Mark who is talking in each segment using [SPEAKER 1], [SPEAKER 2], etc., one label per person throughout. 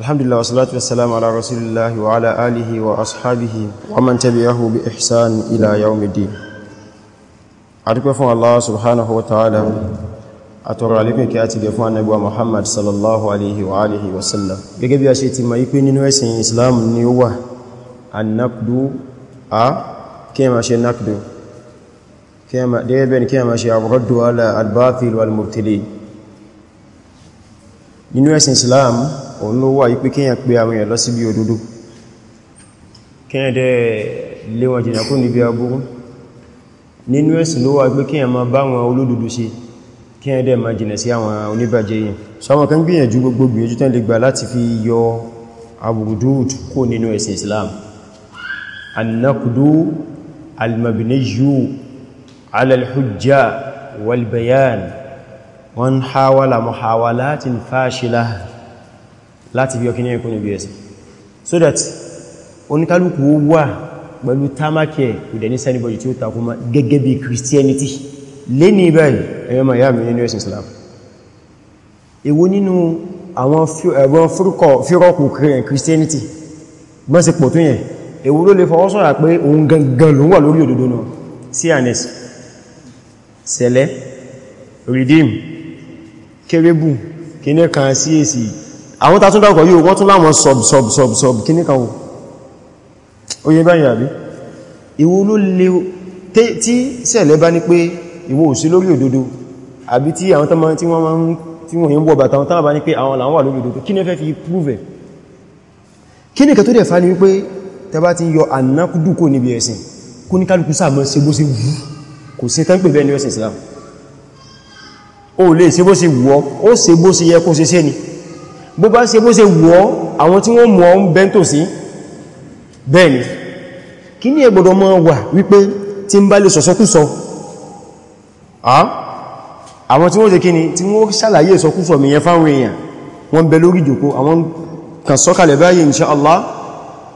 [SPEAKER 1] alhamdulillah wasalatu wassalamu ala rasulillah wa ala alihi wa ashabihi wa man tabi'ahu bi ihsan ila yawmiddin adúpẹ́ fún Allah subhanahu wa ta'ala àtọrọ alikun kí a ti gẹ fún annabuwa Muhammad sallallahu alaihi wa alihi wasallam gẹ́gẹ́ bí a ṣe ti ma ipe nínú ẹ̀sìn Islam ni ó wà annakdu a kí ma ṣe nakdu dẹ́ẹ̀bẹ̀n kí ma ṣe abúrọ̀dù ala albathil wal mubtili nínú ẹ̀sìn Islam òun ló wà ipé kíyàn pé àwọn èèyàn lọ sí bí òdodo kíyàn dẹ̀ léwọn jìnà kó níbi aburú nínú ẹ̀sìn ló wà pé kíyàn ma bá wọn olódodo ṣe kíyàn dẹ̀ ma jìnà sí àwọn oníbàjẹ́ yìí so àwọn kan gbìyànjú gbogbo gbìyànjú tán lè gbà láti fi yọ aburudud kó nínú ẹ̀sìn Islam annakudu almabiniyu láti bí ọkí ní ẹkùn níbi ẹ̀sìn so that oníkálùkù ó wà pẹ̀lú támákẹ̀ ìdẹ̀ ní sẹ́nibọ̀dì tí ó takó ma gẹ́gẹ́ bí christianity lé ní ibáyìí ẹ̀yọ́ ma yá mi nínú ẹ̀sìn islam èwo nínú àwọn fírọ̀kù christianity gbọ́n sí pọ̀ tó yẹn èwo ló lè fọwọ́ sọ̀rọ̀ pé òun gangan ló wà lórí òdodo náà cns sẹ̀lẹ̀ redeem kérébù kí ní kan sí èsì àwọn tàtún dákọ̀ yíò wọ́n tún láwọn sub sub sub sub kíní kan oye báyìí àbí ìwò ló lè tí sẹ̀lẹ̀ bá ní pé ìwò ò sí lórí òdodo àbí tí àwọn tánmà tí wọ́n máa ń tí wọ́n yìí ń bọ̀bà táwọn tánmà bá ní pé àwọn làwọn ni wípé tẹbá ti yọ ànákúdù kò níbi ẹ̀sìn kó ní kálukú sáà mọ́ ṣe bó ṣe wù kò sí ó lè ṣe bó ṣe wù ó ṣe bó ṣe yẹ kó ṣe ṣe ni bó bá ṣe bó ṣe wọ́ àwọn tí wọ́n mọ̀ ń bẹ́ntò sí bẹ́ẹ̀ni kí ní ẹgbọ́dọ̀ mọ́ wà wípé tí ń bá lè sọ̀sọ́kúsọ àwọn tí wọ́n jẹ́ kí ni tí wọ́n ṣàlàyé ìsọkúsọ mi yẹn fáwọn èèyàn wọ́n bẹ lórí ìjòkó àwọn kan sọ́kàlẹ̀ báyìí insha Allah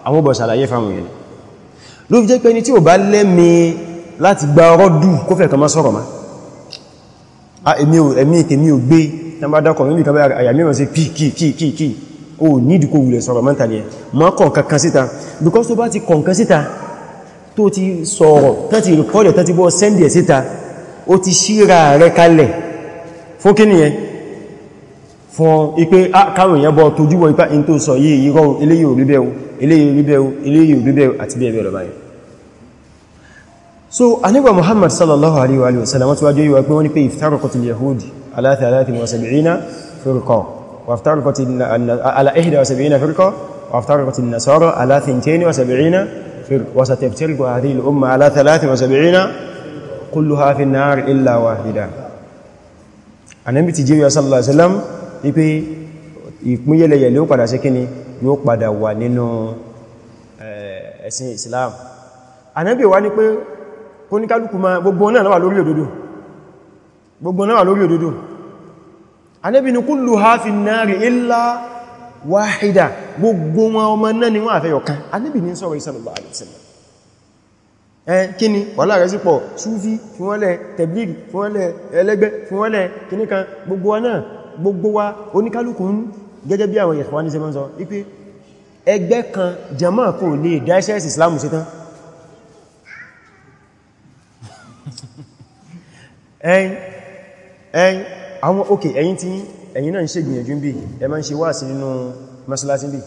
[SPEAKER 1] àwọn bọ̀ ṣàlàyé fáwọn èèyàn ló fi jẹ́ pé ní tí ò bá tán fún ipé káwọn èèyàn bọ́ tójú ipá in tó sọ yìí irọ́ eléyìí orí bẹ́ẹ̀ eléyìí orí bẹ́ẹ̀ eléyìí àti bẹ́ẹ̀ bẹ́ẹ̀ báyìí so anigba Muhammad sallallahu alaihi wa sallam wọ́n ti wájú yíwa pé wọ́n ni pé iftaraqatil yahudi على 73 فرقة وافترقت على 71 فرقة وافترقت النصارى على 72 فرقة وستفترق هذه الأمة على 73 كلها في النار إلا واحدة Ànábì ti jẹ́ sallallahu alaihi wasallam wípé ìpínyẹlẹyẹ ló padà sí kíni yóò padà wà nínú ẹ̀sìn Islam Ànábì wá ní pé kóníkálùkù ma gbogbo náà ló wà lórí òdodo gbogbo náà lórí òdodo Ànábì ní kulluha fin nari illa wahida gbogbo wọn ọmọ náà ni wọ́n àfẹ́yọ̀kan Ànábì ní sọ̀rọ̀ sallallahu alaihi wasallam ẹn kíni wàhálà rẹ̀ sípọ̀ súfí fún wọ́n lẹ̀ tẹ̀blìrì fún wọ́n lẹ̀ ẹlẹ́gbẹ́ fún wọ́n lẹ̀ kíníkan gbogbo wa náà gbogbo wa oníkálùkù ń gẹ́gẹ́ bí àwọn ẹ̀yìn ẹ̀yìn àwọn òkè ẹ̀yìn tí ẹ̀yìn náà ń ṣe gbìyànjú bí ẹ ma ń ṣe wá sí nínú masalasi bí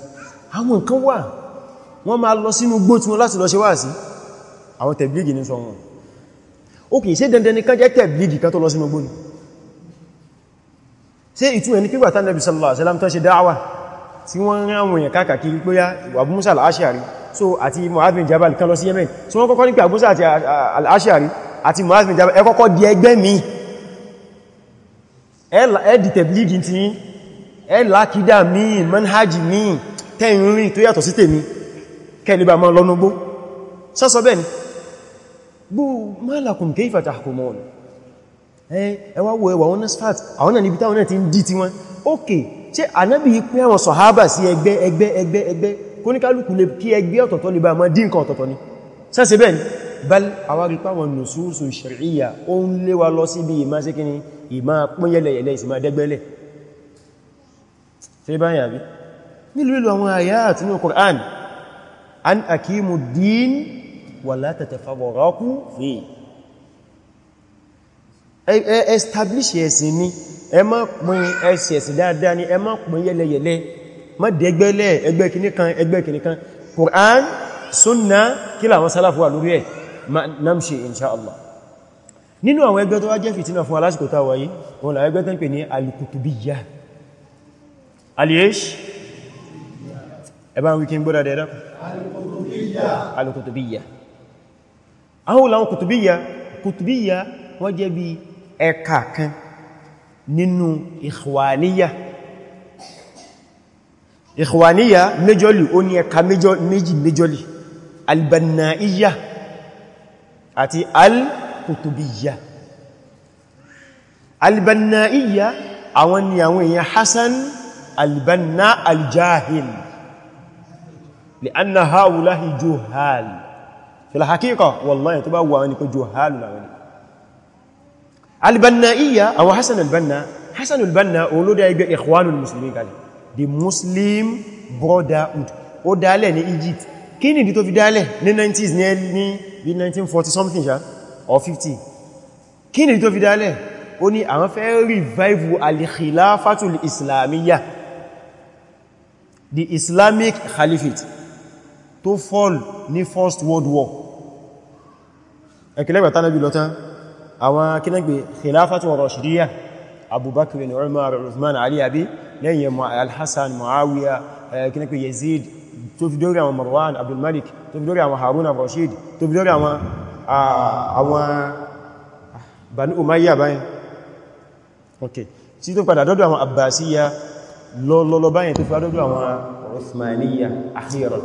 [SPEAKER 1] àwọn nǹkan wà wọ́n ma lọ sínú gbó tí wọ́n láti lọ ṣe wá sí àwọn tẹ̀blígì ní sọ wọn òkè ṣe dandan ní kán jẹ́ tẹ̀blígì kan tó lọ sínú gbó ni ṣe ìtú ẹni pígbà tán Nabi sallallahu alaihi wasallam tó ṣe dáwà tí wọ́n rán àwọn èèyàn káàkiri pé Abu Musa al-Ash'ari so àti Mu'adh bin Jabal kan lọ sí Yemen so wọ́n kọ́kọ́ ní pé Abu Musa al-Ash'ari àti Mu'adh bin Jabal ẹ kọ́kọ́ di ẹgbẹ́ mi ẹ̀dì tẹ̀blígì tí ẹ̀lákídà míì manhajì míì tẹ́yìn rìn tó yàtọ̀ sí tèmi kẹ́lìbà máa lọ́nugbó sọ́sọ́ bẹ́ẹ̀ ni bú malakum kayfa tahkumun ẹwà wo ẹwà wọn nasfat àwọn náà níbi táwọn náà ti ń dí ti wọn ókè ṣe ànábì pín àwọn sọ̀hábà sí ẹgbẹ́ ẹgbẹ́ ẹgbẹ́ ẹgbẹ́ kóníkálùkù lè kí ẹgbẹ́ ọ̀tọ̀tọ̀ lè bá máa dín nǹkan ọ̀tọ̀tọ̀ ni sẹ́sẹ̀ bẹ́ẹ̀ ni bal awárípáwọn nùsúsù shar'iyya ó ìmá pín yẹlẹ̀yẹlẹ̀ ìsìnmá dẹ́gbẹ́lẹ̀ tí bá yàbí nílùú àwọn àyàtì ní Qur'an an akimu din wà látàtà favorọ́kú fi establish ẹ̀sìn ni ẹ má pín ẹ̀sìn dáadáa ni ẹ má pín yẹlẹ̀yẹlẹ̀ má dẹ́gbẹ́lẹ̀ ẹgbẹ́ kìnníkan ẹgbẹ́ kìnníkan Qur'an sunna kí làwọn sálàfúwà lórí ẹ̀ nínú àwọn ẹgbẹ́ tó wá jẹ́ fìtínà fún alásìkò tàwà yìí wọn là ẹgbẹ́ tó ń pè ní alìkùtùbíyà alìyèṣ ẹbá wiki ń gbọ́dá dẹ̀ẹ́dá alìkùtùbíyà àwọn olàwọn kùtùbíyà kùtùbíyà wọ́n jẹ́ bí ẹ̀ka kan nínú ìkwàníyà méjọ́lì ó ní ẹ̀ka méjì méjọ́lì albannaiya àti al al-Qutubiyya al-Banna'iyya àwọn ni àwọn èèyàn Hasan al-Banna al-Jahil li'anna ha'ula'i juhal fil haqiqa wallahi tó bá wà wọn ni kó juhal láwọn al-Banna'iyya àwọn Hasan al Hasan al-Banna olóda Ikhwanul Muslimin kalẹ̀ the Muslim Brotherhood ó dálẹ̀ ní Egypt kí ni ìdí tó fi dálẹ̀ ní 90s ní 1940 something ṣáà or 50 kí ni tó fi dálẹ̀ ó ní àwọn fẹ́ revive al-khilafatul islamiyya the islamic caliphate tó fall ní first world war ẹkìlẹ́gbẹ̀ tánàbí lọ́tán àwọn kínágbé khilafatul rashidiyya abubakar ni umar uthman ali abi lẹ́yìn al-hassan muawiya kínágbé yazid tó fi dórí àwọn marwan abdulmalik tó fi dórí àwọn harun al-rashid tó fi dórí àwọn Ah, àwọn Banu Umayya báyìí ok tí tó padà dọ́dọ̀ àwọn Abbasiyya lọ́lọ́lọ́ báyìí tó padà dọ́dọ̀ àwọn Uthmaniyya akhiran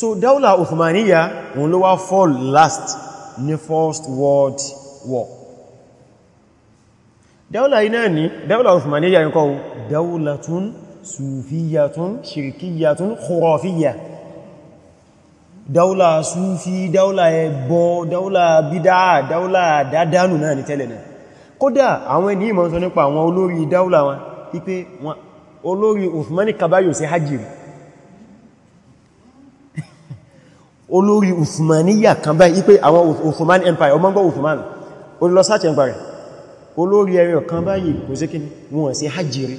[SPEAKER 1] so dáúlà Uthmaniyya òun ló wá fall last ní first world war dáúlà iná ní dáúlà Uthmaniyya nǹkan dáúlà tún sùfíyà tún ṣirkíyà tún khurafiyya dáúlà súnfí dáúlà ẹbọ dáúlà bídá dáúlà dádánù náà ní tẹ́lẹ̀ náà kódà àwọn ẹni ìmọ̀ sọ nípa àwọn olórí dáúlà wọn ipé olórí Uthmani Kabayo sí hajjiri olórí Uthmaniya kan báyìí ipé àwọn Uthman Empire ọmọ gbọ́ Uthman olùlọ́sáàtì Empire olórí ẹ̀rẹ̀ kan báyìí kò sí kí wọ́n sí hajjiri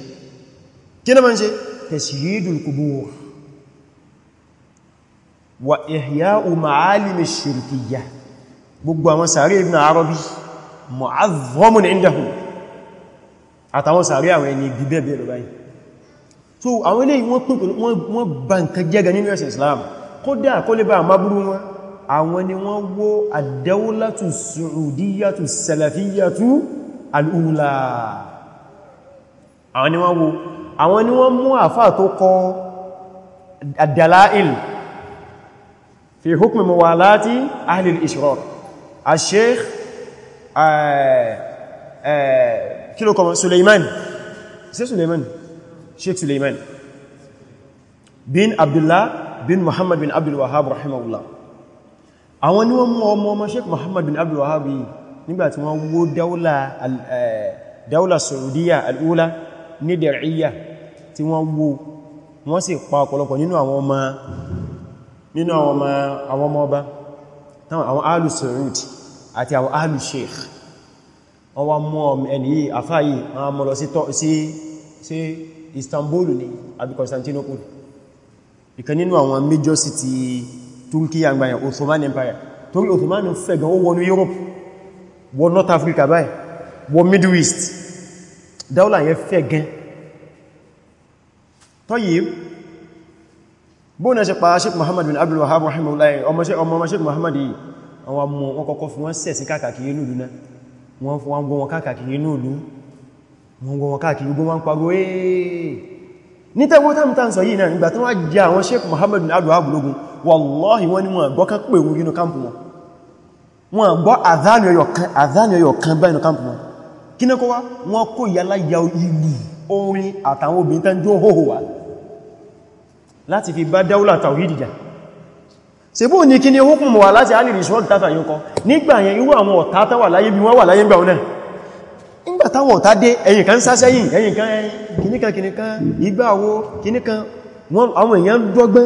[SPEAKER 1] kí náà máa ń ṣe tẹ̀sìlídùl kùbúwọ̀ wa ihya'u ma'alimi shirkiyya gbogbo àwọn sàárè ibn arabi mu'azzamun indahu àtàwọn sàárè àwọn ẹni gbígbẹ́ bẹ̀rẹ̀ báyìí so àwọn ilé wọ́n pín pẹ̀lú wọ́n bá nǹkan jẹ́gà nínú ẹ̀sìn islam kódà kó lè bá àmábúrú wọn àwọn ni wọ́n wó ad-dawlatu as-su'udiyyatu as àwọn ni wọ́n wó àwọn ni wọ́n mú àfáà tó kọ ad في حكم موالاة أهل الإشرار الشيخ كيلو كمان سليمان شيخ سليمان شيخ سليمان بن عبد الله بن محمد بن عبد الوهاب رحمه الله àwọn ni wọ́n mú ọmọ ọmọ sheik Muhammad bin Abdul Wahhab yìí nígbàtí wọ́n wó dáúlà Saudiya al'ula ní Dir'iyya tí wọ́n wó wọ́n sì pa ọ̀pọ̀lọpọ̀ nínú àwọn ọmọ nínú àwọn ọmọ ọba àwọn alu Saud àti àwọn alu Sheikh wọ́n wá mọ́ ẹni yìí àfáyì wọ́n mọ́ lọ sí Istanbul ní àbí Constantinople ìkan nínú àwọn major city Turkey àgbàyà Ottoman Empire torí Ottoman fẹ́ gan ó wọnú Europe wọ North Africa báyìí wọ Middle East dáúlà yẹn fẹ́ gan tọ́yìí bóòna ṣe pa Sheikh Muhammad bin Abdul Wahhab rahimahullah ọmọ Sheikh Muhammad yìí àwọn amú wọn kọ́kọ́ fún wọn sẹ̀sí káàkiri inú ìlú náà wọ́n fún wọn gbọ́n wọn káàkiri inú ìlú wọ́n gbọ́n wọn káàkiri gbọ́n wọn pàgọ́ eéè ní tẹ́gbọ́ tàbí tàbí sọ yìí náà nígbà tó wá jẹ àwọn Sheikh Muhammad bin Abdul Wahhab lógún wallahi wọ́n ni wọ́n gbọ́ kán pè láti fi bá dáúlà tàwídì jà ṣe bó ní kí ni hukum wà láti alìrìsọ́l tàtà yíò kọ nígbà yẹn irú àwọn ọ̀tá tàwà láyé bí wọ́n wà láyé gbà ọ̀nà ìgbà táwọn ọ̀tá dé ẹ̀yìn kan sásẹ́yìn ẹ̀yìn kan kìníkan kìníkan ìgbàwo kìníkan àwọn èèyàn dọ́gbẹ́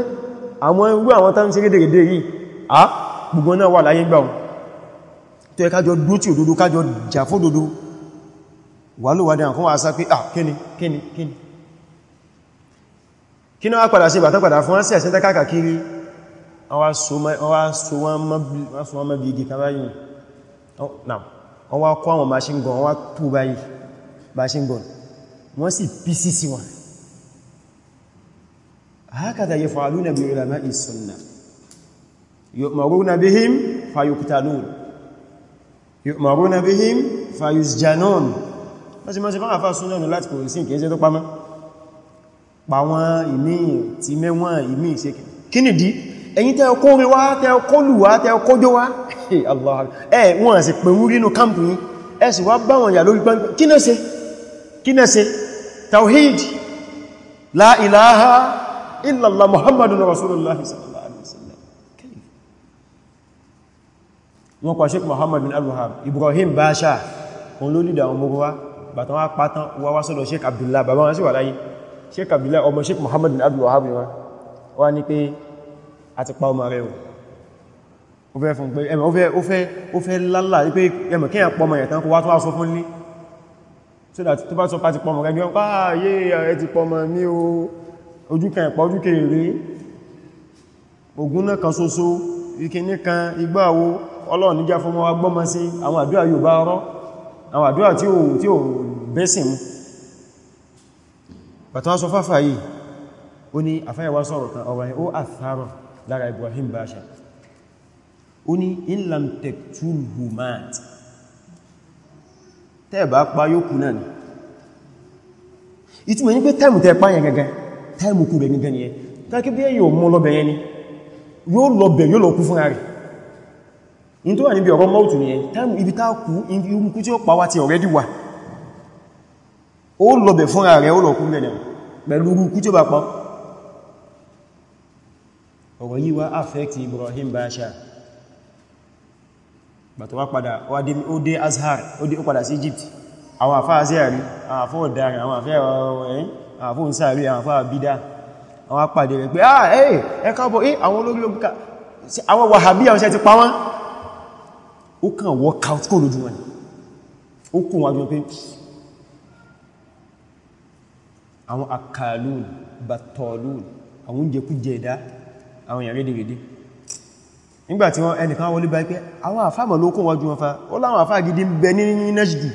[SPEAKER 1] àwọn irú àwọn tán ṣe rédèrèdè yìí a gbogbo náà wà láyé gbà wọn tó ẹ kájọ dú tí òdodo kájọ jà fódodo wà lówádẹ́ àkọwà sá pé ah kíni kíni kíni kí náà padà sí ìbàtán padà fún ọ́sẹ̀ ẹ̀sẹ̀ kákàkiri wọ́n so wọ́n mọ́ bí igi kábáyìí wọ́n wá kọ́ àwọn machine gun wọ́n wá tó báyìí machine gun wọ́n sì písí sí wọn hakadha yaf'aluna bi ulama'i sunnah yu'maruna bihim fayuqtalun yu'maruna bihim fayusjanun wọ́n sì mọ́ sí láti kò sí ìkẹ́ẹ̀ẹ́ tó pamọ́ pa wọn ìmí ti mẹ́wọ́n ìmí ìṣẹ́kì kí ni dí ẹ̀yin tẹ́ ọkọ́ rí wá tẹ́ ọkọ́ lù wá tẹ́ ọkọ́ jó wá ẹ̀ wọ́n sì pè wú rínú kámpù yí ẹ sì wá bá wọn yà lórí gbọ́n kí náà ṣe kí náà ṣe tawhid la ilaha illallah muhammadun rasulullah sallallahu alaihi wasallam wọ́n kwa sheik abdullahi ọmọ sheik muhammad bin abdul wahab wọn wá ní pé a ti pa ọmọ rẹ̀ o fẹ́ fún pé ẹmọ̀ ó fẹ́ lálà ní pé ẹmọ̀ kí ẹ̀pọ̀ ọmọ ẹ̀tàn kó wá tó wá sọ fún ní so that tó bá sọ pàtí pọmọ rẹ̀ ní ọpá ah, ayé ẹ̀ ti pọmọ ní o ojúkan ẹ̀pọ̀ ojúkẹ̀ èrè ogun náà kan ṣoṣo ìkíní kan igbáwo ọlọ́run níjà bẹ́sìn mú bàtí wọ́n sọ fáfà yìí ó ní àfáyàwá sọ̀rọ̀ kan ọ̀rọ̀ yẹn ó àtàrọ̀ lára Ibrahim Basha ó ní inlam tektul humat tẹ́ẹ̀bá pa yókù náà ni ìtumọ̀ ní pé tẹ́ẹ̀mù tẹ́ẹ̀ pa yẹn gẹ́gẹ́ tẹ́ẹ̀mù kú rẹ̀ gẹ́gẹ́ ni ẹ tàkí bí yóò mọ́ lọ́bẹ̀ ó lọ́bẹ̀ fúnra rẹ̀ ó lọ́kún pẹ̀lú rúkú tí ó bá pọ́ ọ̀rọ̀ yìí wá affect Ibrahim Basha bàtọ̀ wá padà ó dé Azhar ó ó padà sí Egypt àwọn àfá azẹ́rí àfá ọ̀daràn àwọn àfẹ́ ọ̀rẹ́ àwọn àfá òǹsàrí àwọn àfá ah, àwọn apàdé ah ó kàn lójú wọn ó àwọn akalun batolun àwọn oúnjẹ kú jẹ̀dá àwọn èèyàn rédèrèdè nígbàtí wọ́n ẹnìkan wọlé bá pé àwọn àfáàmà ló kún wájú wọn fa ó láwọn àfáà gidi ń bẹ ní nẹ́ṣìdù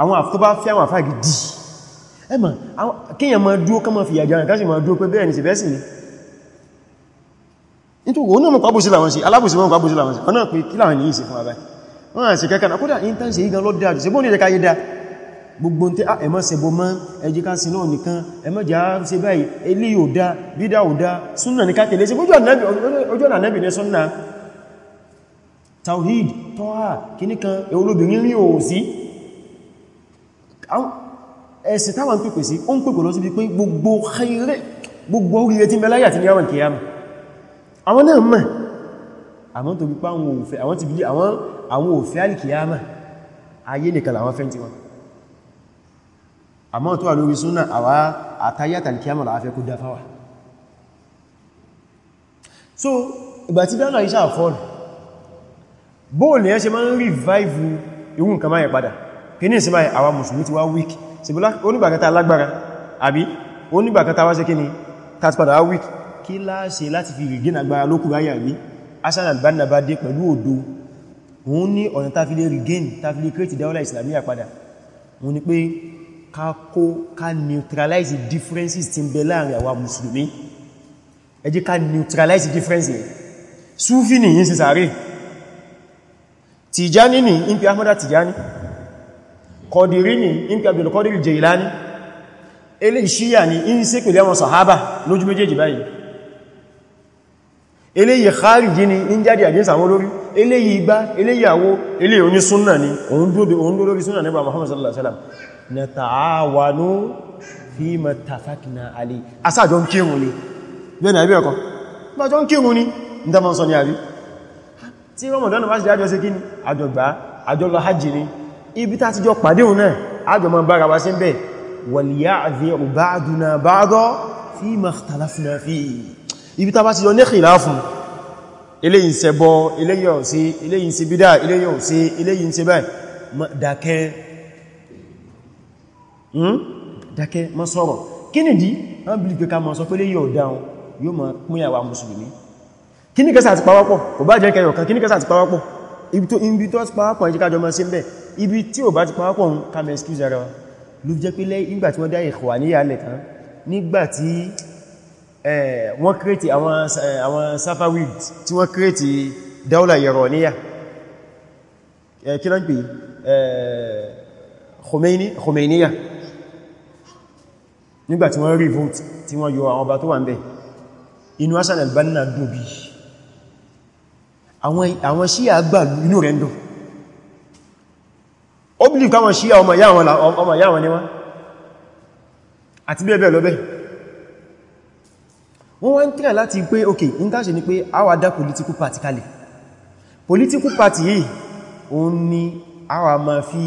[SPEAKER 1] àwọn àftó bá fí àwọn àfáà gidi ẹmà kíyàn ma dúó kán ma fi àjára káṣì ma dúó pé bẹ́ẹ̀ ni sẹ̀bẹ́sì ni nítorí òun náà mọ̀ pàbùsí làwọn sí alábùsí wọn pàbùsí làwọn sí ọ̀nà pé kí làwọn yìí sí fún abẹ́ wọ́n à sí kẹ́kẹ́ gbogbo tí a ah, ẹmọ́ sẹbọ mọ́ ẹjíká sí náà nìkan ẹmọ́já ṣe báyìí ilé ò dá bídá ò dá súnnà ní kátẹ̀lé sí ojú ọ̀nà nẹ́bì ní súnnà tawhid tọ́wà kìníkan olóbìnrin rí ò sí ẹ̀sìn táwọn pèpè sí ó ń pèpè lọ sí pé gbogbo khaire gbogbo oríire tí mẹ́láyà ti ní àwọn kìyàmù àwọn náà mọ̀ àwọn tó bí pa àwọn òfẹ́ àwọn ti bí àwọn òfẹ́ alìkìyàmù ayé nìkan làwọn fẹ́ tí wọn àmọ́ tó wà lórí súnà àwá àtayàtà alkiyama la kó dá so ìgbà tí dánà iṣẹ́ àfọ́nù bóòlù ẹ́ ṣe máa ń revive irun kan máa padà kí ní ìsinmi àwà mùsùlùmí ti wá weak sí onígbàkátà alágbára àbí onígbàkátà wá ṣe kí ni tàti padà wá weak kí láàṣe láti fi regain agbára lókù ráyà rí asan albanna bá dé pẹ̀lú òdo òun ní ọ̀nà tafilé regain tafilé create dáwọ́lá ìsìlàmíyà padà òun ni pé ká kó ká neutralize differences tí ń bẹ láàrin àwa mùsùlùmí ẹ jẹ́ ká neutralize differences Súfí ni yí sí sàárè Tìjání ni ń pè Ahmada Tìjání Kọ̀dìrí ni ń pè Abdul Qadir Jailani ilé ìṣíyà ni ń sí pẹ̀lú àwọn sàhábà lójú méjèèjì báyìí eléyìí khariji ni ń jáde àjíǹsà àwọn olórí eléyìí igbá eléyìí àwo eléyìí oní súnnà ni òun dúró lórí súnnà nígbà Muhammad sallallahu alaihi wasallam nata'awanu fi ma tafakna alẹ́ asájọ́ ń kírun ni bẹ́ẹ̀ náà bí ọkọ̀ bá jọ ń kírun ni ní tàbí sọ ní àrí tí ramadan bá ṣe àjọ sí kíni àjọgbà àjọlọ hajji ni ibi tá ti jọ pàdé òun náà àjọ mọ́ bára wa sí ń bẹ̀ waliya'dhiru ba'duna ba'da fi ma fi ibi tá bá ti jọ ní khilafun eléyìí ń ṣẹbọ eléyìí ń ṣe bídà eléyìí ń ṣe báyìí dákẹ́ Hmm? dákẹ́ má sọ̀rọ̀ kí ni dí wọ́n bí kí ká má sọ pé lè yóò dáun yóò má pín àwa mùsùlùmí kí ní kẹsà àti pàwápọ̀ kò bá jẹ́ kẹyọ̀ kan kí ní kẹsà àti pàwápọ̀ ibi tó ti pàwápọ̀ ẹjíká jọ sí mẹ́ ibi tí ò excuse ara ló jẹ́ pé lẹ́yìn nígbà tí wọ́n dá ìkọ̀wà ní ìyàlẹ̀ tán nígbà tí wọ́n kírètì àwọn Safavid tí wọ́n kírètì dáúlà Yaroniya kí lọ́n nígbàtí wọ́n rí vote tí wọ́n yọ àwọn ọba tó wà ń bẹ̀ inú Hassan al-Banna dùbí àwọn Shia gbàlú inú rẹ̀ ń dùn ó bí káwọn Shia ọmọ ìyá wọn ni wọ́n àti bẹ́ẹ̀ lọ́bẹ̀ wọ́n wá ń tíra láti pé ok intaṣe ni pé a dá political party kalẹ̀ political party yìí òun ni a wà fi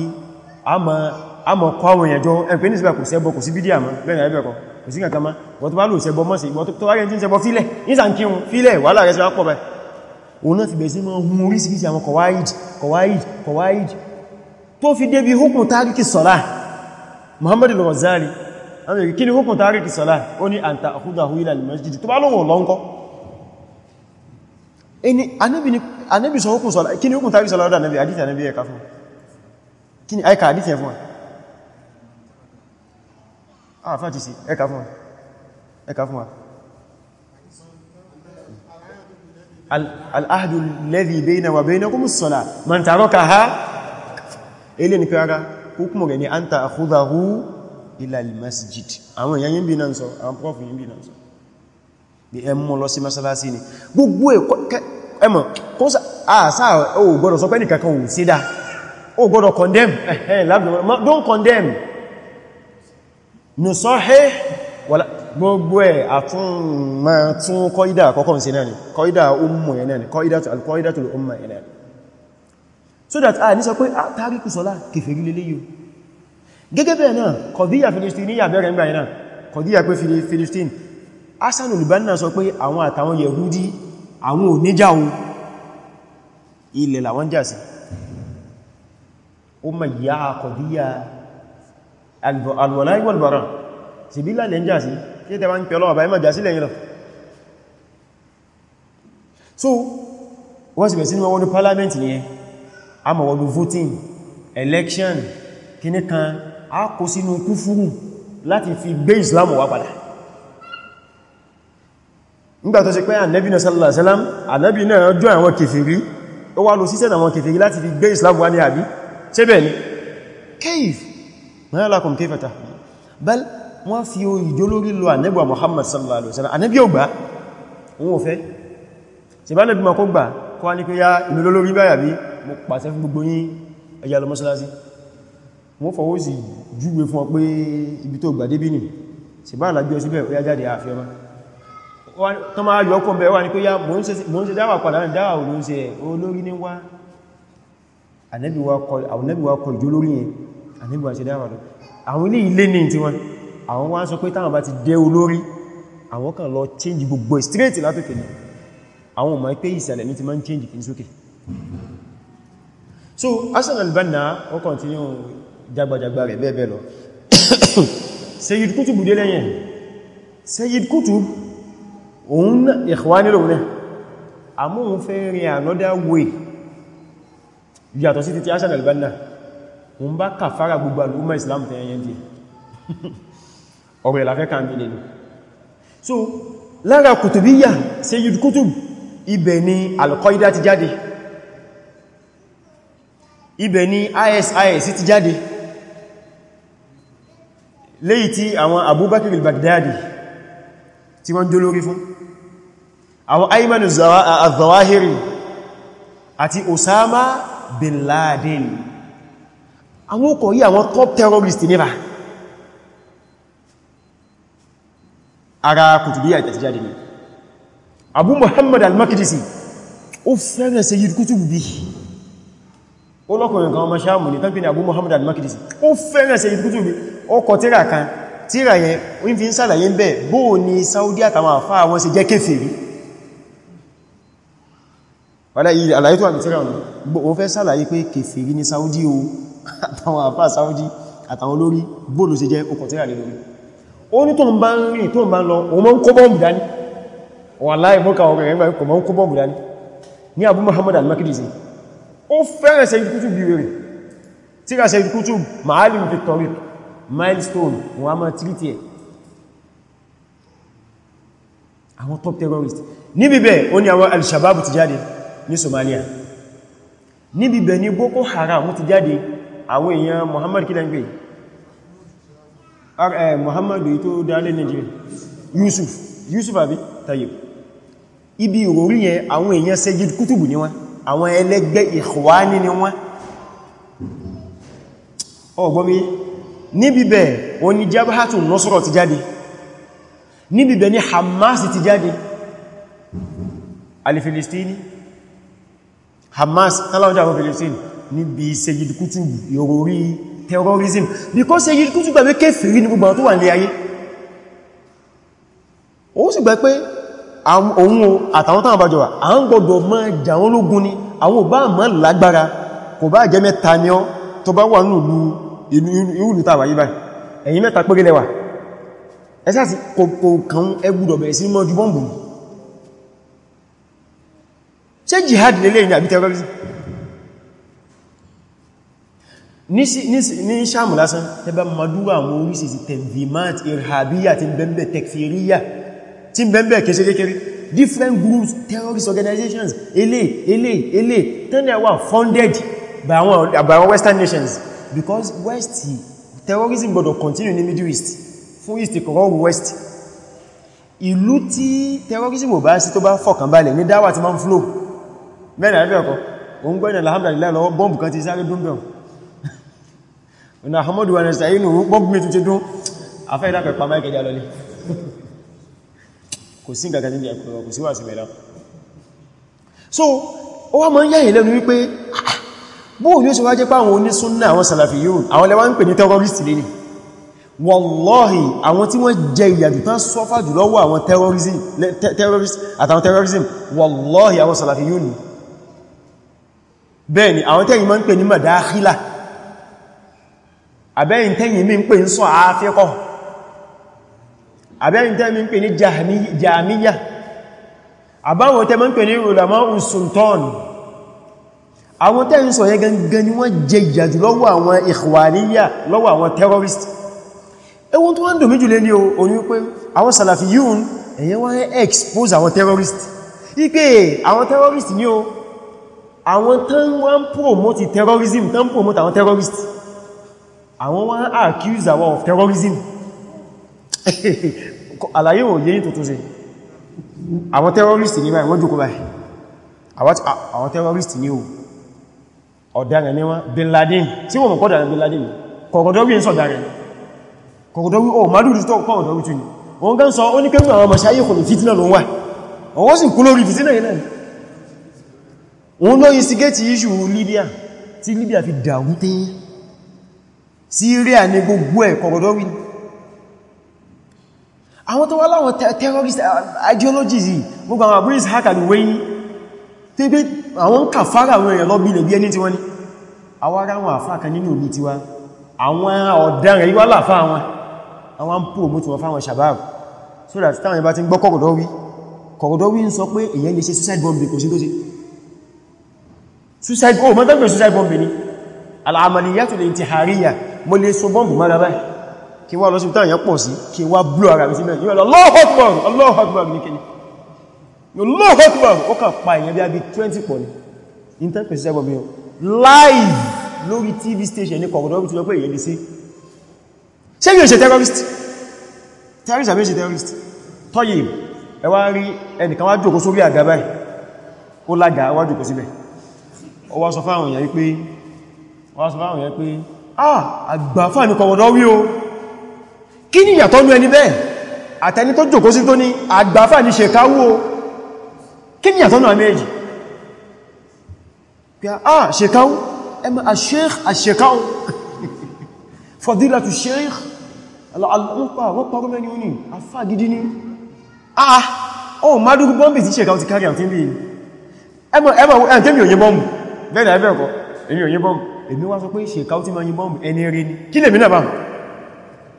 [SPEAKER 1] a máa a mọ̀ kọ́ àwọn èèyàn jọ ẹgbẹ́ ní síbà kò sẹ́bọ kò sí bídíà mọ́ bẹ́ẹ̀ ẹgbẹ́ kọ kò sí kankan mọ́ wọ́n tó bá lò sẹ́bọ mọ́ sí ìwọ́n tó wáyé tí ń sẹ́bọ fílẹ̀ ìsànkíhun fílẹ̀ wà láàrẹ sí pọ̀ bẹ́ẹ̀ òun náà ti bẹ̀ẹ̀ sí mọ́ hun orísìírísìí àwọn kọwáìd kọwáìd kọwáìd tó fi débi hukun tárìkì sọ́lá Muhammad al-Ghazali àwọn èyí kí ni hukun tárìkì sọ́lá ó ní àǹtà àkúdàhú ilà al-masjid tó bá lóhun àdífẹ́ fún kí aika àdífẹ́ fún àfá ti sí ẹka fún wa ẹka fún wa al'ahdu alladhi bayna wa baynakum as-salah man tarakaha ilé ní kíwára hukumu rẹ̀ ni an ta'khudhahu ila al-masjid àwọn èèyàn yìí bí náà sọ àwọn prof yìí bí náà sọ bí ẹ mú lọ sí masalasi ni gbogbo ẹmọ̀ kó sáà ó gbọ́dọ̀ sọ pé nìkankan ò sí dá ó gbọ́dọ̀ condemn don't condemn nùsọ́hẹ́ gbogbo ẹ̀ àtún ma tún kọ́ídà kọ́kọ́ sí náà ni kọ́ídà ummu ẹ̀ náà ni kọ́ídà tó umma ẹ̀ náà so that a ní sọ pé tàríkù sọ́lá kèfèrí lélé yóò gẹ́gẹ́ bẹ́ẹ̀ náà kọ̀díyà Filistin níyà bẹ̀rẹ̀ ń gbà náà kọ̀díyà pé Filistin Hassan olùbánà sọ pé àwọn àtàwọn Yehudi àwọn oníjà o ilẹ̀ làwọn jà sí ó mọ̀ yá kọ̀díyà alwọ̀lá ìwọ̀lbàrá sí bí lálẹ́ ń jà sí kí tẹwàá ń pẹ ọlọ́wà báyìí mọ̀ jà sílẹ̀ ìrọ̀ so wọ́n sì bẹ̀ sínú wọ́n ní parliament ni ẹ a voting election kíní kan a kó sínú kúfúrù láti fi gbé Islam wá padà nígbà tó ṣe pé ànábì náà sallallahu alaihi wasallam ànábì náà jọ àwọn kèfèrí ó wá lọ síṣẹ́ àwọn kèfèrí láti fi gbé Islam wá ní àbí ṣébẹ̀ ni kéèfì ma lakum kayfa tahdi bal wọ́n fi ìjólórí lọ ànẹ́bà Muhammad sallallahu alaihi wasallam ànẹ́bí ò gbà wọn ò fẹ́ ṣe bá lẹ́bí ma kó gbà kọ́ ní pé ya ìmìlólórí báyà bí mo pàṣẹ fún gbogbo yín ẹ yá lọ mọ́sálásí wọ́n fọwọ́ sí júwe fún ọ pé ibi tó gbà débí nì ṣe bá lágbé ọsíbẹ̀ ó àníbò àṣẹ dáwà lọ àwọn ilé ilé ní tí àwọn wá ń sọ pé táwọn bá ti dé olórí àwọn kan lọ change gbogbo straight látòkè ní àwọn ọmọ pé ìsàlẹ̀ ní ti máa ń change kì í sókè so Hasan al-Banna ó continue jagbajagba rẹ̀ bẹ́ẹ̀ bẹ́ẹ̀ lọ Sayyid Qutb dé lẹ́yìn Sayyid Qutb òun Ikhwani lòun náà àmóhun fẹ́ rin another way yàtọ̀ sí ti ti Hasan òun bá kàfàrà gbogbo alùmọ̀ islam tẹ́ ẹyẹn tí ọ̀rọ̀ ìlàfẹ́ kan bí lẹ́nu so lára kùtùbíyà Sayyid Qutb ibẹ̀ ni al-Qaeda ti jáde ibẹ̀ ni ISIS ti jáde léyìí tí àwọn Abubakar al-Baghdadi tí wọ́n dolórí fún àwọn Ayman az-Zawahiri àti Osama bin Laden àwọn òkò yí àwọn top terrorist níbà ara kùtùbíyà ìtẹ̀síjáde ni Abu Muhammad al-Maqdisi ó fẹ́rẹ̀ Sayyid Kutubi ó lọ́kùnrin kan ọmọ sáàmù ní tánpín Abu Muhammad al-Maqdisi ó fẹ́rẹ̀ Sayyid Kutubi ó kọ tíra kan tíra yẹn ó ń fi ń sàlàyé ń bẹ́ bóò ni Saudi àtàwọn àfáà wọn ṣe jẹ́ kéfèrí wọ́n fẹ́ sàlàyé pé kéfèrí ni Saudi o àtàwọn àfáà Saudi àtàwọn olórí bóòlù sí jẹ́ okùn tí rà lè lórí ó ní tó ń bá ń rìn tó ń bá ń lọ o mọ́ ń kó bọ́ọ̀mù dání wà láì mọ́ka ọ̀rẹ́ rẹ̀ kò mọ́ ń kó ní Abu Muhammad al-Maqdisi ó fẹ́rẹ̀ Sayyid Qutb bí rẹ̀ tí ra Sayyid Qutb Ma'alim fi milestone wọn a máa tírítì ẹ̀ àwọn top terrorist níbi bẹ́ẹ̀ ó ní àwọn al-Shabab ti jáde ní Somalia níbi bẹ́ẹ̀ ni Boko Haram ti jáde àwọn èèyàn Muhammad kí lẹ́n pè eh, Muhammadu tó dálé Nigeria Yusuf Yusuf àbí Tayyib ibi ìròrí yẹn àwọn èèyàn Sayyid Kutubu ni wọ́n àwọn ẹlẹ́gbẹ́ Ikhwani ni wọ́n ọgbọ́mí níbibẹ̀ o ni Jabhatun Nusra ti jáde níbibẹ̀ ni Hamas ti jáde alifilistini Hamas tánláwọ́jà àwọn Filistini níbi Sayyid Qutb ìrorí terrorism because Sayyid Qutb gbàgbé kéfèrí ní gbogbo àwọn tó wà ní ayé ó sì gbà pé òun àtàwọn tán àbájọ wà à ń gbọdọ̀ mọ́ jà wọn lógún ni àwọn ò bá mọ́ lágbára kò bá jẹ́ mẹ́ta ni ọ́ tó bá wà nínú ìlú ìlú tàwà yìí báyìí ẹ̀yin mẹ́ta péré lẹ́wà ẹ̀sáàsì kò kàn ẹgbùdọ̀ bẹ̀rẹ̀ sí mọ́ ju bọ́m̀bù ṣé jihad lélẹ́yìn àbí terrorism ní sàmù lásán tẹba madúwà àwọn orísìsì tẹ̀vìmáàtì irhabiya ti bẹ̀m̀bẹ̀ tekfiriya ti bẹ̀m̀bẹ̀ kéṣekékeré different groups terrorist organizations ele ele ele tẹ́lẹ̀ wà funded by àwọn western nations because west terrorism gbọdọ̀ continue ní middle east fún east kọ̀rọ̀ west ìlú tí terrorism ò bá sí tó bá fọ̀kànbalẹ̀ ní dáwà ti máa ń flow mẹ́rin àríbẹ̀ ọkọ̀ òun gbẹ́nà alhamdulillah lọ́wọ́ bọ́m̀bù kan ti sáré dúnbẹ̀rún ọ̀nà ahmadu wa nìsà inú me tuje ti dún afẹ́ ìdápẹ̀ pàmà ìkẹjà lọlé kò sí gàgà ní ẹkùnrọ̀ kò sí wà so o wá mọ́ ń yáyìn lẹ́nu wípé ah, bóò ní ó ṣe wá jẹ́ páwọn onísúnnà àwọn sàlàfí yóò àwọn lẹ́wà ń pè ní terrorist lé ní wallahi àwọn tí wọ́n jẹ ìyàjù tán sọ́fà jù lọ́wọ́ àwọn terrorist àtàwọn terrorism wallahi àwọn sàlàfí beni ní bẹ́ẹ̀ ni àwọn tẹ́yìn mọ́ madakhila àbẹ́yìn tẹ́yìn mi ń pè ń sọ àáfíkọ́ àbẹ́yìn tẹ́yìn mi ń pè ní jàmíyà àbáwọn tẹ́ ń pè ní ulama sultan àwọn tẹ́yìn sọ yẹ gangan ni wọ́n jẹ ìyàjù lọ́wọ́ àwọn ikhwaniyya lọ́wọ́ terrorist ewu tó wọ́n dòmí jùlé ní orí pé àwọn salafiyun èyẹ wọ́n expose àwọn terrorist ipé àwọn terrorist ni o àwọn tán wọ́n promote terrorism tán promote àwọn terrorist àwọn wọ́n accuse àwọn of terrorism àlàyé wò yẹ́yìn tó tó ṣe àwọn terrorist ní báyìí wọ́n jùkú báyìí àwọn terrorist ní o ọ̀daràn ní wọ́n bin laden tí wọ́n mọ̀kọ́ dàrẹ bin laden kọ̀kọ̀dọ́wí ń sọ dàrẹ kọ̀kọ̀dọ́wí o oh, madúdú tó kọ̀kọ̀dọ́wí tún wọ́n gán sọ ó ní pẹ́lú àwọn mọ̀ṣáyé kò ní fìtínà ló wà wọ́n sì kú lórí fìtínà yìí náà wọ́n lọ́yìn sí gẹ́ẹ̀tì issue Libya tí Libya fi dàrú tẹ́yìn Syria ní gbogbo ẹ̀ kọ̀gọ̀dọ̀ wí àwọn tó wá láwọn terrorist uh, ideologies yìí gbogbo àwọn àbúrí ìsáhàkà ní wéyí tí pé àwọn ń kàfàrà àwọn èèyàn lọ́bí lè bí ẹni tí wọ́n ní àwọn ará wọn àfáà kan nínú òbí tiwa àwọn ọ̀daràn yíwá láàfáà wọn àwọn ń promote wọn fáwọn shabab so that táwọn ìbá ti ń gbọ́ kọ̀gọ̀dọ̀ wí kọ̀gọ̀dọ̀ wí ń sọ pé èyàn lè ṣe suicide bombing kò sí tó sí suicide oh mọ́tàgbẹ̀ suicide bombing ni al-amaliyatu al-intihariyya mo lè so bọ́m̀bù mara báyìí kí wá lọ sí ìtàyàn pọ̀ sí kí wá blú ara mi sí mẹ́rin yóò Allahu Akbar Allahu Akbar ní kíni Allahu Akbar ó kà pa èèyàn bí a bí live lórí tv station ní kọ̀kọ̀dọ̀ bí ti lọ pé èèyàn dì sí terrorist terrorist àbí ṣe terrorist tọ́yì ẹ wá rí ẹnìkan wá jókòó sórí àga báyìí ó lága wá jókòó síbẹ̀ ó wá sọ fáwọn èèyàn pé ah àgbàfà ní kọwọ̀dọ́ wí o kí ni ìyàtọ̀ ní ẹni bẹ́ẹ̀ àtẹni tó jòkó sí tó ní àgbàfà ní ṣe káwú o kí ni ìyàtọ̀ ní àmẹ́jì ah ṣe káwú ẹmọ àṣẹ́kh àṣẹ́káwú fadilatu sheikh alọ́pàá ẹmọ̀ ẹmọ̀ ẹ̀kẹ́ mi ò yẹ bọ́mù bẹ́ẹ̀ ni ẹ̀bẹ̀ ọkọ̀ èmi ò yẹ èmi wá sọ pé ṣèkáwó tí ma yí bọ́m̀ ẹni rí ní kí lè mínà bá mù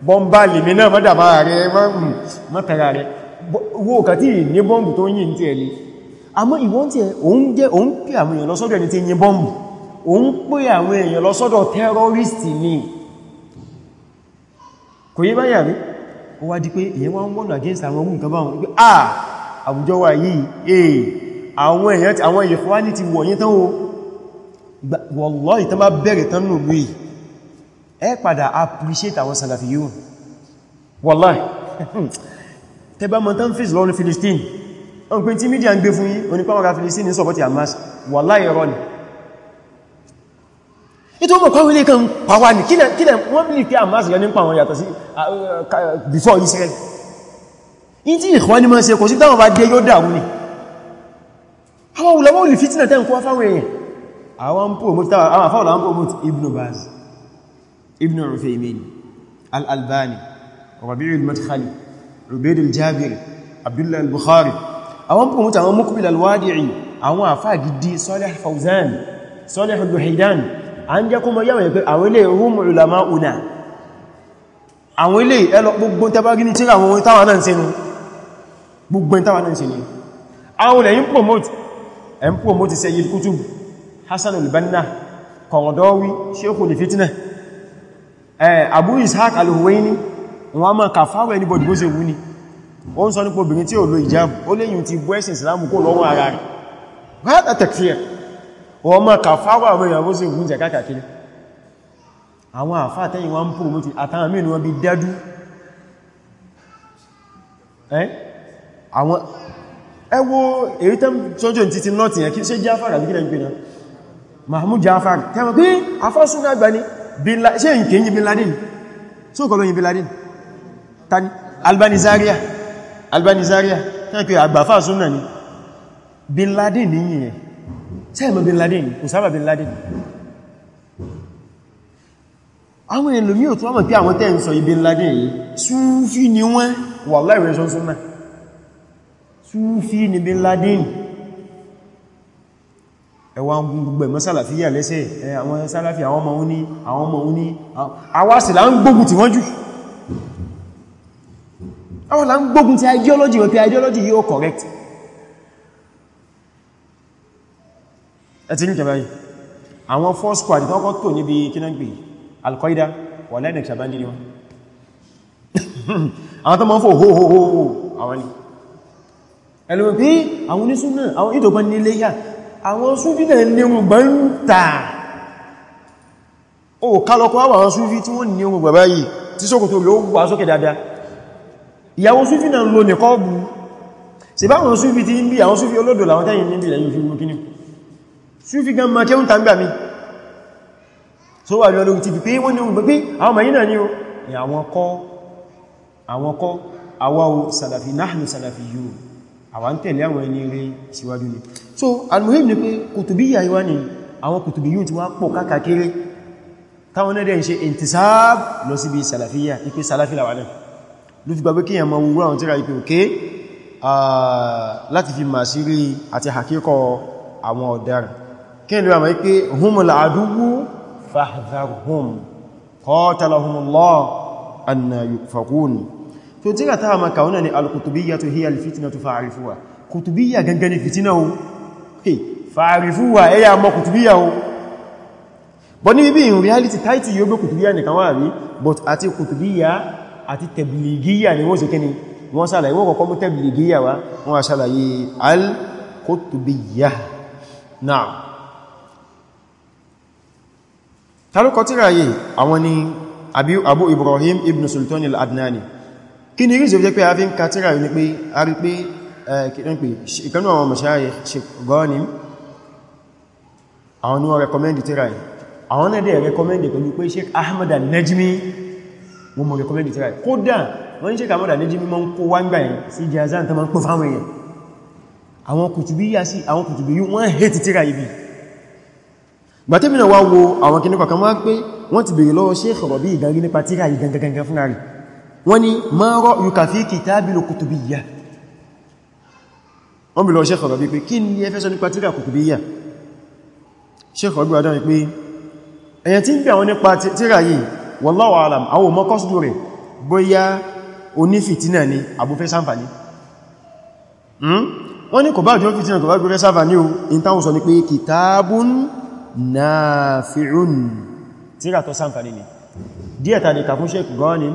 [SPEAKER 1] bọ́mbà lè mínà mọ́dàbà rẹ̀ mọ́tàrà rẹ̀ wo kà tí ní bọ́m̀ tó yí tí ẹ ní àmọ́ ìwọ́n tí ẹ òun jẹ́ àwọn èèyàn lọ́sọ́dọ̀ ẹni tí yí bọ́m̀ ni kò yí báyà rí ó wá di pé èyàn ah àwùjọ wa yìí eh àwọn èèyàn àwọn ìyẹ̀fọ́wá ní wallahi tán bá bẹ̀rẹ̀ tán nù lú ẹ padà appreciate àwọn sàlàfí yíò wallahi tẹba mọ̀ tán fèsì lọ́rin Philistine ọ̀n pín tí mídíà ń gbé fún yí onípàwọ̀ra Philistine ní sọ̀pọ̀tí Hamas wallahi ẹ̀rọ ni ètò ọmọ kọwàá ilé kan pàwà ní kílẹ̀ wọ́n bí kí Hamas yẹ nípa àwọn yàtọ̀ sí before Israel in tí ìkwá ní mọ́ sí ẹkọ̀ sí táwọn bá dé yóò dáa wú ni àwọn promote àwọn afọ́ọ̀lọ́ àwọn promote ibn baz ibn rufaymin al-albani rabi'ul madkhali ubayd al-jabiri abdullah al-bukhari àwọn promote àwọn mukbil al-wadi'i àwọn afá gidi salih al-fawzan salih al-duhaidan an jẹ́ kuma yawon pé àwọn ilé hum ulama una àwọn ilé ẹlọ gbogbo tabagini tí àwọn tawa náà hassan al-banna kọ̀rọ̀dọ́wí ṣékùn fitna abu ishaq al-huwaini wọn ma ka fáwọ anybody bó ṣe wú ni ó ń sọ nípa obìnrin tí ó lo ìjáàbù ó léyìn ti bú ẹ̀sìn islamu kó lọ́wọ́ ara rẹ̀ rádà tẹ̀kfíẹ̀ wọ́n ma ka fáwọ àwọn èèyàn Mahmud jafar tẹ́wọ̀n pé afọ́súnrẹ́ àgbà ní ṣe n kìí bin laden tí ó kọlọ́yìn bin laden tani albani zaria albani zaria tẹ́wọ̀n pé àgbàfà ni bin laden ní yìnyẹn tẹ́ẹ̀mọ̀ bin laden usama bin laden àwọn ẹlòmí ò tún wọ́n mọ̀ pé àwọn tẹ́ ń ni wọ́n ni bin laden ẹwà gbogbo ẹ̀mọ́ sálàfíyà lẹ́sẹ̀ àwọn sálàfí àwọn ọmọ oní àwọn ọmọ oní àwásìlá ń gbógun ti wọ́n jù àwọn là ń gbógun ti ideology wọn pé ideology yíó correct ẹ̀tí ní kẹbàáyì àwọn four squad tó kọ́ tó níbi al-Qaeda wà lẹ́nà ìṣàbándì ni wọ́n àwọn tó mọ́ fò hóhóhóhó àwọn ni ẹlùmọ̀ pé àwọn onísúnnà àwọn ìtògbọ́n ní léyà àwọn súnfí náà nírù gbọ́ntà o kálọkọ́ àwọn súnfí tí wọ́n nírù gbà báyìí tí sókòtò rẹ̀ ó wà sókè dáadáa ìyàwó súnfí náà lò nìkọ́ bú ṣe bá àwọn súnfí tí ń bí àwọn súnfí olódò làwọn tẹ́yìn níbi lẹ́yìn fi wúkíní súnfí gan ma kẹ́hùn tàbí àmì tó wà lọ́lọ́ ti pé wọ́n nírù gbẹ́ àwọn mẹ́yìn náà o àwọn kọ́ àwọn kọ́ àwọn salafi nahnu àwa ń tẹ̀lé àwọn ẹni rẹ̀ síwájú ni so almuhim ni pé kùtùbíyà ìwá ni àwọn kùtùbí yìí tí wá pọ̀ kákàkiri táwọn náà ń ṣe intisab lọ síbi salafiyya ipé salafila wà náà ló fi gbàgbé kíyàn ma wúwú àwọn tíra ipé òkè láti fi mà sí rí àti àkíkọ àwọn so tí rà táàmà kàúnà ni al-kutubiyya tó hiya al-fitna tó fa'arifuwa kutubiyya gangan ni fitina o hey fa'arifuwa ẹya mọ kutubiyya o but ní bíbí in reality title yóò gbé kutubiyya nìkan wà rí but àti kutubiyya àti tabligiyya ni wọ́n ṣe kí ni wọ́n ṣàlàyé wọ́n kọ́kọ́ mú tabligiyya wá wọ́n ṣàlàyé kí ni rí ìsẹ̀fẹ́ pé a fi ń katira ní pé a rí pé eh, ìkanú àwọn mọ̀ṣáyẹ̀ ṣe gọ́ọ̀nì àwọn ní wọ́n rẹ̀kọ́mẹ́ndì tíra ẹ̀ àwọn ẹ̀dẹ̀ rẹ̀kọ́mẹ́ndì pẹ̀lú pé Sheikh Ahmad al wọ́n mọ̀ rẹ̀kọ́mẹ́ndì tíra ẹ̀ kó wá jazan tó máa ń pọ̀ fáwọn èèyàn àwọn kùtùbí yá sí àwọn kùtùbí yí wọ́n hẹ́ ti tíra ibi gbàtẹ́mìnà wá wo àwọn kìnnìkọ̀ wọ́n ni ma ra'yuka fi kitabil kutubiyyah wọ́n bí lọ Sheikh Rabi pé kí ni ẹ fẹ́ sọ nípa tíra kutubiyyah Sheikh Rabi adáwọn pé ẹ̀yẹn tí ń bí àwọn nípa tíra yìí wallahu alam àwọn ọmọ kọ́sùdù rẹ̀ bóyá onífìtínà ni àbúfẹ́ sáǹfàní hmm? wọ́n ní kò bá jọ fìtínà kò bá jọ díẹ̀ta ni kàfún Sheikh Ghanim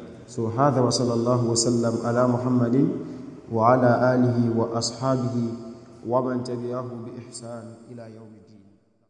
[SPEAKER 1] So هذا وصلى الله وسلم على محمد وعلى آله وأصحابه ومن تبعه بإحسان إلى يوم